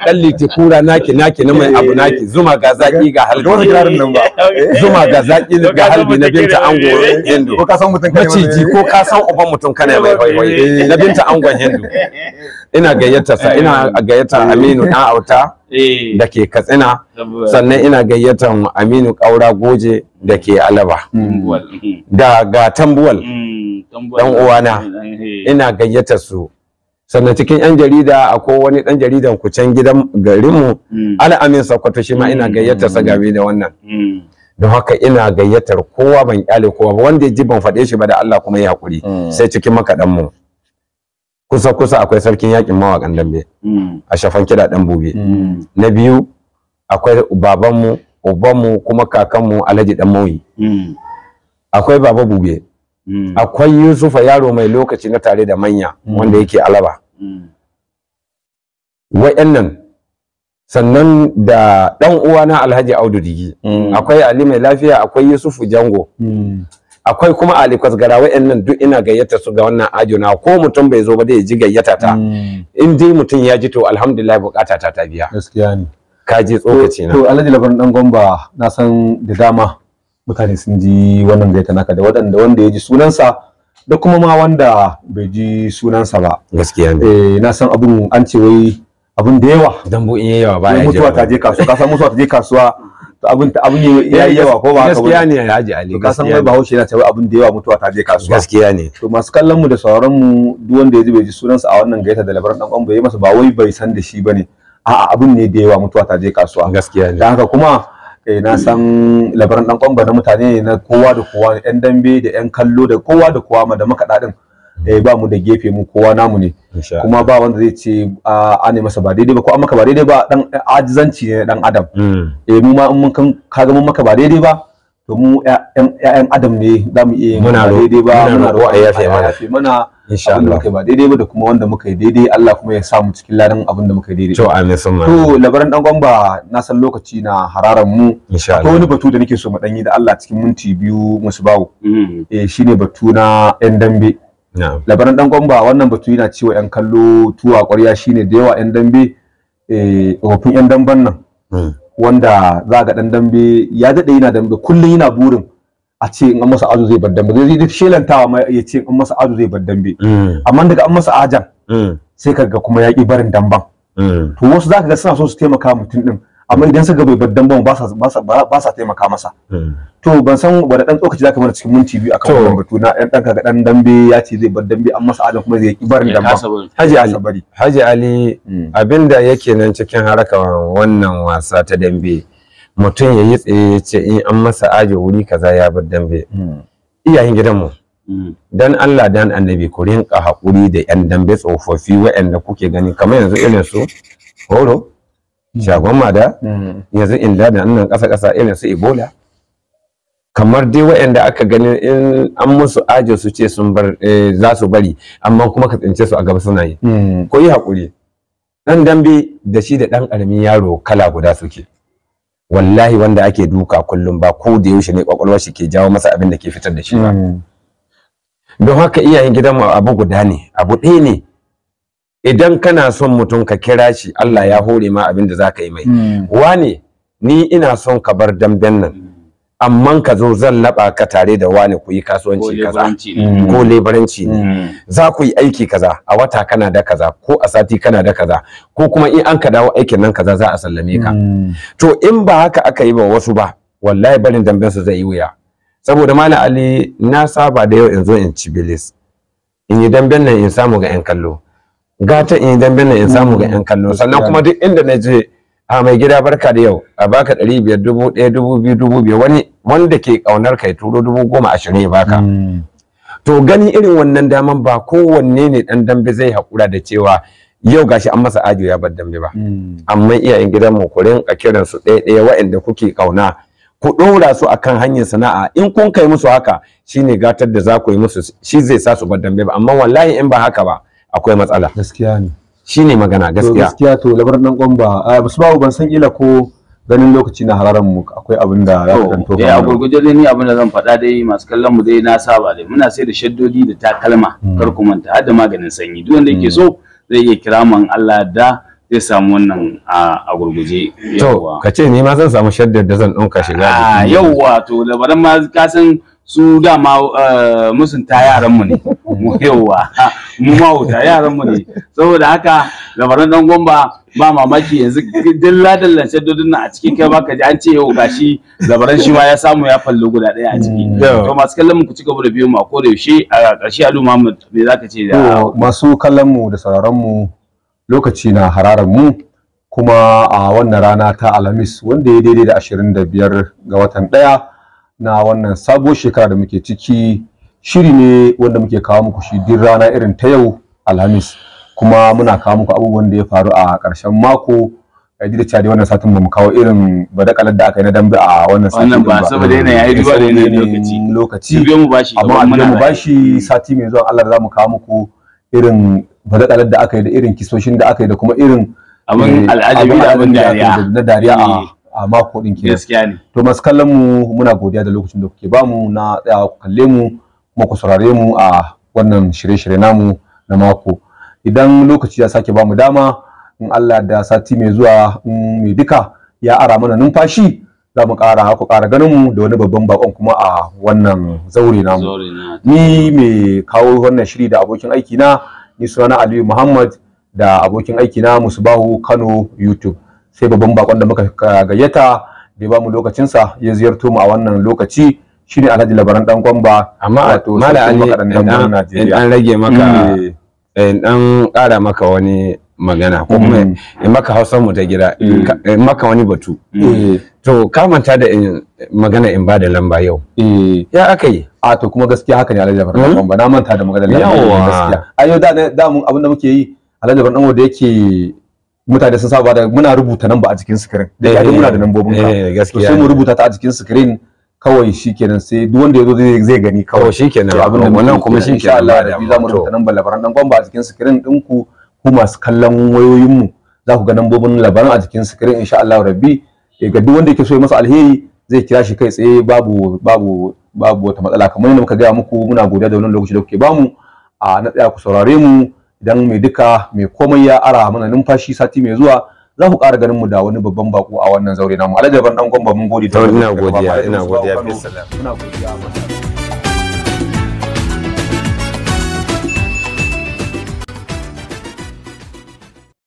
Speaker 1: dan liti kura naki naki na mai abu naki zuma ga zaki ga halbi wani kirarin nan ba zuma ga zaki ga halbi na binta ango hindu ko ka san mutun kana maciji ko ka san uban mutun kana mai hoihoi na binta angon hindu ina gayyata sa ina gayyata Aminu dan
Speaker 2: auta da ke Katsina sannan ina
Speaker 1: gayyatar aminu Kaura goje da ke alaba da ga tambuwal mm,
Speaker 2: dan uwana eh.
Speaker 1: ina gayyata su sannan cikin yan jarida a wani dan jaridan kucan gidan garinmu mm. al'amin sakwato shi ma ina mm. gayyata sa game da wannan Da haka ina gayyatar kowa ban kyale kowa Wanda ya ji ban faɗe shi ba da Allah kuma ya hakuri sai cikin makaɗan mu kusa kusa akwai sarkin yakin mawakan dambe a shafan kiɗa dan bube na biyu akwai babanmu ubanmu kuma kakanmu alhaji dan mawi mm. akwai baba bube mm. akwai yusufa yaro mai lokaci na tare da manya mm. wanda yake alaba wa'annan sannan da dan uwana alhaji audu digi akwai ali mai lafiya akwai yusufu jango akwai kuma Ali Kwasgara wayannan duk ina gayyata su ga wannan ajo na ko mutum bai zo ba dai ji gayyata ta in dai mutum ya ji to alhamdulillah bukata ta ta biya gaskiya ne ka je tsokaci na to alhaji labarin dan gomba na san da dama mutane sun ji wannan gaita naka da Wadanda wanda ya ji sunansa da kuma ma wanda bai ji sunansa ba gaskiya ne eh na san abun an ce wai abun da yawa bu in yawa ba ya mutuwa ta je kasuwa ka san mutuwa ta je kasuwa to abun ta abun yayi eh, yawa ko ba gaskiya ne Haji Ali ka san wai Bahaushe yana cewa abun da yawa mutuwa ta je kasuwa gaskiya ne to masu kallon mu da sauraron mu duk wanda ya ji bai ji sunansa a wannan gaita da labaran dan gomba yayi masa ba wai bai san da shi bane a'a abin ne da yawa mutuwa ta je kasuwa gaskiya ne haka kuma eh na san labaran dan kwamba na mutane ne na kowa da kowa yan dambe da yan kallo da kowa da kowa ma da makaɗa din eh ba mu da gefe mu kowa namu ne kuma ba wanda zai ce a ne masa ba daidai ba ko an maka ba daidai ba dan eh, ajizanci ne dan adam mm. eh mu ma in mun kan kaga mun maka ba daidai ba domin ƴaƴan adam ne za mu iya muna daidai ba muna roƙon ya yafe mana mana da Allah ba daidai ba da kuma wanda muka yi daidai Allah kuma ya sa mu cikin ladan abin da muka yi daidai to amin sun to labaran ɗan gwamba na san lokaci na hararan mu insha Allah wani batu da nake so mu dan yi da Allah cikin minti biyu musu bawo mm. eh shine batu na ƴan dambe labaran ɗan gwamba wannan batu yana cewa ƴan kallo tuwa ƙwarya shine da yawa ƴan dambe eh wafin ƴan damban nan mm. wanda za ga dan dambe ya dade yana dambe kullun yana burin a ce in an masa azu zai bar dambe zai duk shelantawa ma ya ce in an masa azu zai bar dambe mm. amma daga an masa ajan mm. sai kaga kuma ya ki barin damban mm. to wasu za ka ga suna so su taimaka mutum din amma idan suka bai baddan ban ba sa taimaka masa hmm. to ban san wani dan tsokaci zaka mana cikin minti biyu akan wannan batu na dan danka dan dambe ya ce zai baddan dambe an masa adam kuma zai kibar barin dambe Haji Ali Haji Ali hmm. abinda yake nan cikin harkar wannan wasa ta dambe mutum ya yi tsaye ya ce in an masa aje wuri kaza ya bar dambe hmm. iyayen gidanmu dan Allah dan annabi ku rinka haƙuri da yan dambe tsofaffi waɗanda kuke gani kamar yanzu irin su horo Mm. shagon mada mm. yanzu inda da nan ƙasa ƙasa irin su ebola kamar dai waɗanda aka gani in an musu ajo su ce sun bar eh, za su bari amma kuma ka tsince su a gaba suna yi mm. ko yi haƙuri ɗan dambe da shi da ɗan ƙaramin yaro kala guda suke wallahi wanda ake duka kullum ba ko da yaushe ne kwakwalwar shi ke jawo masa abin da ke fitar da shi ba don haka iyayen gidan mu abu guda ne abu ɗaya ne idan kana son mutum ka kira shi Allah ya hore ma abin da zaka yi mai hmm. wane ni ina son ka bar damben nan amma ka zo zan laba ka tare da wane ku yi kasuwanci kaza hmm. ko lebaranci ne hmm. za ku yi aiki kaza a wata kana da kaza ko a sati kana da kaza ko kuma in an ka dawo aikin nan kaza za a sallame ka to in ba haka aka yi ba wasu ba wallahi barin damben su zai yi wuya saboda malam ali na saba da yau in zo in ci bilis in yi damben nan in samu ga yan kallo gata in yi dambe in samu ga yan kallo sannan kuma duk inda na je a mai gida barka da yau a baka ɗari biyar dubu ɗaya dubu biyu dubu biyar wani wanda ke ƙaunar kai turo dubu goma ashirin ya baka hmm. to gani irin wannan daman ba kowanne ne dan dambe zai haƙura da cewa yau gashi an masa ajo ya bar dambe ba hmm. amma iyayen mu ku rinƙa kiran su ɗaya ɗaya waɗanda kuke ƙauna ku ɗora su akan hanyar sana'a in kun kai musu haka shine gatar da za ku yi musu shi zai sa su bar dambe ba amma wallahi in ba haka ba akwai matsala gaskiya ne shi ne magana gaskiya gaskiya to labarin dan kwamba musu babu ban san ila ko ganin lokaci na hararan mu akwai abin da za ka dan to ya eh,
Speaker 2: gurguje dai ni abin da zan faɗa dai masu kallon mu dai na saba dai muna sai da shaddodi da takalma hmm. kar ku manta har da maganin sanyi duk wanda yake so hmm. zai iya kira man Allah da zai samu wannan a gurguje to ka
Speaker 1: ce ni ma zan samu shaddar da zan ɗauka shiga a ah,
Speaker 2: yauwa to labaran ma ka san su dama eh, musunta yaran mu ne mu yauwa mu mahauta yaran mu ne saboda haka labaran dan gomba ba mamaki yanzu ladan lance dodin a cikin kai baka ji an ce yau gashi labaran shi ma ya samu ya fallo guda daya a ciki mm. to masu kallon mu ku ci gaba da biyo mu a koda yaushe a ƙarshe Alu Muhammad me zaka ce da
Speaker 1: masu kallon mu da sauraron mu lokaci na hararar mu kuma a wannan rana ta Alhamis wanda ya daidai da 25 ga watan daya na wannan sabuwar shekara da muke ciki shiri ne wanda muke kawo muku shi duk rana irin ta yau alhamis kuma muna kawo muku abubuwan da ya faru a ƙarshen mako a ji da cewa dai wannan satin mu kawo irin badakalar da aka yi na dambe a wannan satin wannan ba saboda yana yayi duba da ne lokaci lokaci mu bashi amma an mu bashi sati mai zuwa Allah za mu kawo muku irin badakalar da aka yi da irin kisoshin da aka yi da kuma irin abin eh, al'ajabi da abin dariya na dariya a eh. a mako din kenan gaskiya ne to masu kallon mu muna godiya da lokacin da kuke bamu na tsayawa ku kalle mu muku saurare mu a wannan shirye-shirye namu na mako idan lokaci ya sake bamu dama in Allah da sati mai zuwa in mai duka ya ara mana numfashi za mu ƙara haku, ƙara ganin mu da wani babban bakon kuma a wannan zaure namu ni mai kawo wannan shiri da abokin aiki na ni sunana Aliyu Muhammad da abokin aiki na Musbahu Kano YouTube sai babban bakon da muka gayyata da ya bamu lokacinsa ya ziyarto mu a wannan lokaci shi ne alhaji labaran dan kwamba amma wato malam ali an rage maka eh mm. dan kara maka wani magana ko kuma mm. in maka hausa mu ta gida in mm. maka wani batu to ka manta da magana in ba da lamba yau ya akai yi a to kuma gaskiya haka ne alhaji labaran dan kwamba, na manta da magana lamba gaskiya ayo da da mun abin da muke yi alhaji labaran dan wanda yake mutane sun saba da muna rubuta namba a jikin sikirin da ya eh, muna da nambobin ka eh, to sai mu rubuta ta a jikin sikirin kawai shikenan sai duk wanda yazo zai zai gani kawai shikenan abin da wannan kuma shikenan Allah da za mu rubuta nan labaran dan gwamba a cikin screen din ku ku masu kallon wayoyin mu za ku ga nambobin labaran a cikin screen insha Allah rabbi ga duk wanda yake so ya masa alheri zai kira shi kai tsaye babu babu babu wata matsala kamar yadda muka gaya muku muna godiya da wannan lokaci da kuke bamu a na tsaya ku saurare mu idan mai duka mai komai ya ara mana numfashi sati mai zuwa za ku ƙara ganin mu da wani babban bako a wannan zaure namu alhaji ban dan gomba mun gode ta ina godiya ina godiya ina godiya